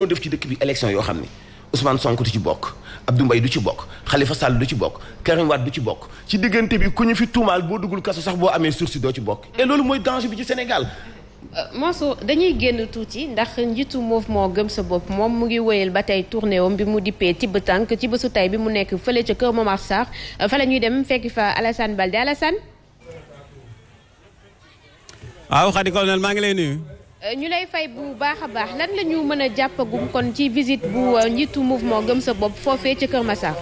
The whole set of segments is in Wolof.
ñoo def ci dëkk bi élection yoo xam ni Ousmane Sonko du ci bokk Abdou Mbaye du ci bokk xalifa Sall du ci bokk Karim du ci bokk ci diggante bi ku ñu fi tuumaal boo duggul kaso sax boo amee sursis doo ci bokk et loolu mooy danger bi ci Sénégal euh, Mansour dañuy génn tuuti ndax njiitu mouvement gëm sa bopp moom mu ngi wéyal ba tey tournée bi mu dippee tibb tànk ci bésu tey bi mu nekk fële ca kër Momar Sarr euh, fa la ñuy dem fekki fa Alassane Balde Alassane waaw Khady Colonel maa ngi lay nuyu ñu lay fay bu baax a baax lan la ñu mën a jàppagum kon ci visite bu euh, njiitu mouvement gëm sa bopp foofee ca Kër Massar.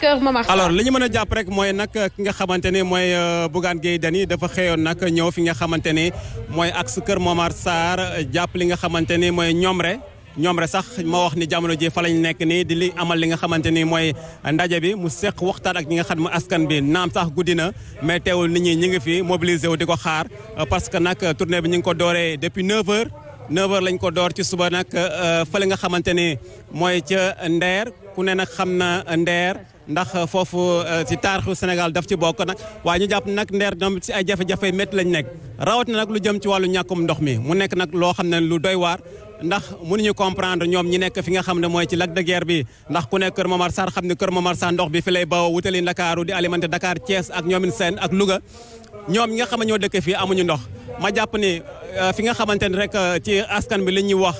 Kër Momar alors li ñu mën a jàpp rek mooy nag ki nga xamante ne mooy euh, Bougane Gueye Dany dafa xëyoon nag ñëw fi nga xamante ne mooy axe Kër Momar Sarr jàpp li nga xamante ne mooy ñoom rek ñoom rek sax moo wax ni jamono ji fa lañ nekk nii di li amal li nga xamante ni mooy ndaje bi mu seq waxtaan ak ñi nga xam ne askan bi naam sax guddi na mais teewul nit ñi ñu ngi fi mobilisé wu di ko xaar parce que nag tournée bi ñu ngi ko dooree depuis 9 heures 9 heures lañ ko door ci suba nag euh, fële nga xamante ni mooy ca Ndeer ku ne nag xam na Ndeer ndax foofu si euh, taarixu Sénégal daf ci bokk nag waaye ñu jàpp nag Ndeer ñoom ci ay jafe-jafe métti lañ nekk rawatina lu jëm ci wàllu ñàkkum ndox mi mu nekk nag loo xam ne lu doy ndax mënuñu comprendre ñoom ñi nekk fi nga xam ne mooy ci lac de bi ndax ku nekk Kër Momar Sarr xam ne Kër Momar Sarr ndox bi fi lay bawoo wutali Ndakaaru di alimenté Dakar Thiès ak ñoomin seen ak luga ñoom ñi nga xam ñoo dëkk fii amuñu ndox ma jàpp ni euh, fi nga xamante ne rek euh, ci askan bi li ñuy wax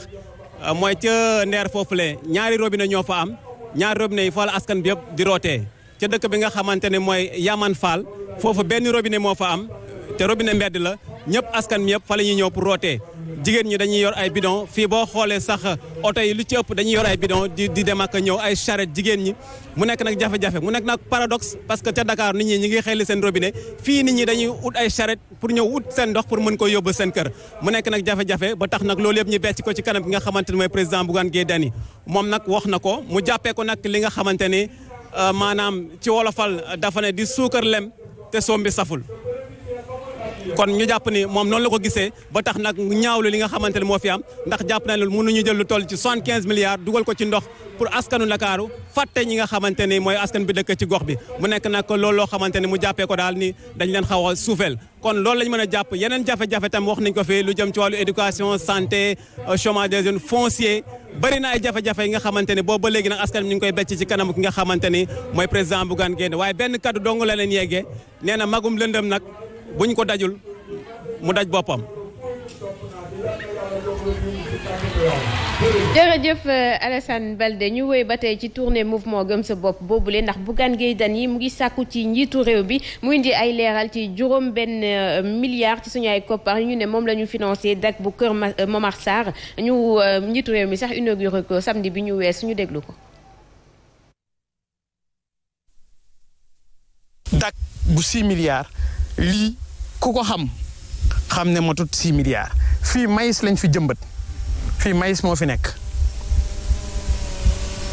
euh, mooy ca ndeer foofule ñaari robine ñoo fa am ñaari robine yi fa la askan bi yëpp di rootee ca dëkk bi nga xamante ne mooy Yaman fal foofu benn robine moo fa am te robinet mbedd la ñëpp askan yëpp fa la ñuy ñëw pour jigéen ñi dañuy yor ay bidon fii boo xoolee sax oto yi lu ci ëpp dañuy yor ay bidon di di dem ak ñëw ay charrette jigéen ñi mu nekk nag jafe-jafe mu nekk nag paradox parce que ca Dakar ni ñi ñi ngi xelli seen robinet fii nit ñi dañu ut ay charrette pour ñëw ut seen dox pour mën ko yóbbu seen kër mu nekk nag jafe-jafe ba tax nag loolu yëpp ñu becc ko ci kanam bi nga xamante ne mooy président Bougane Gueye Dany moom nag wax na ko mu jàppee ko nag li nga xamante ne euh, maanaam ci wolofal dafa di suukar lem te soom bi kon ñu jàpp ni moom noonu la ko gisee ba tax nag ñaawlu li nga xamante ne moo fi am ndax jàpp na nañ mun mënuñu jël lu toll ci 75 milliards dugal ko ci ndox pour askanu Ndakaaru fàtte ñi nga xamante ni mooy askan bi dëkk ci gox bi mu nekk nag lool loo xamante ne mu jàppee ko daal ni dañ leen xaw a suufeel kon loolu lañ mën a jàpp yeneen jafe-jafe tam wax nañ ko fi lu jëm ci wàllu éducation santé euh, chômage des jeunes foncier bëri na ay jafe-jafe yi nga xamante ni boobu ba léegi nag askan ñu ngi koy becc ci kanam ki nga xamante ni mooy président Bougane Guèye waaye benn kaddu dong la leen yeggee nee na magum lëndëm nag buñ ko dajul mu daj boppam. jërëjëf euh, Alassane Balde ñu wéy ba tey ci tournée mouvement gëm sa bopp boobule ndax Bougane Gueye yi mu ngi sàkku ci njiitu réew bi mu indi ay leeral ci juróom benn euh, milliard ci suñu ay koppar ñu ne moom la ñu financé dak bu kër euh, Momar Sarr ñu njiitu réew mi sax inauguré ko samedi bi ñu wees suñu déglu ko. lii ku ko xam xam ne matut 6 milliards fii maïs lañ fi jëmbat fii maïs moo fi nekk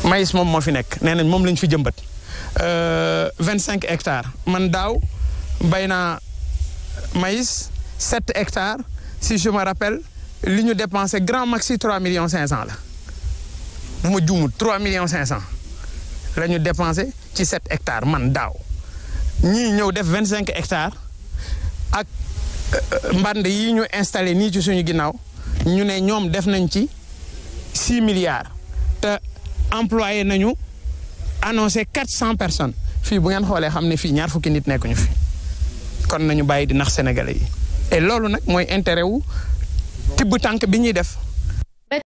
maïs moom moo fi nekk nee nañ moom lañ fi jëmbat euh, vingt cinq hectares man daaw bay naa maïs sept hectares si je me rappelle li ñu dépensé grand maxi trois millions cinq cent la bu ma juumut trois millions cinq cent la ñu dépensé ci sept hectares man daaw ñii ñëw def vingt cinq hectares ak euh, mband yi ñu installé nii ci suñu ginnaaw ñu ne ñoom def nañ ci six milliards te employé nañu annoncé quatre cent personnes fii bu ngeen xoolee xam ne fii ñaar fukki nit nekkuñu fi kon nañu bàyyi di nax sénégalais yi et loolu nag mooy intérêt wu tibb tànk bi ñuy def.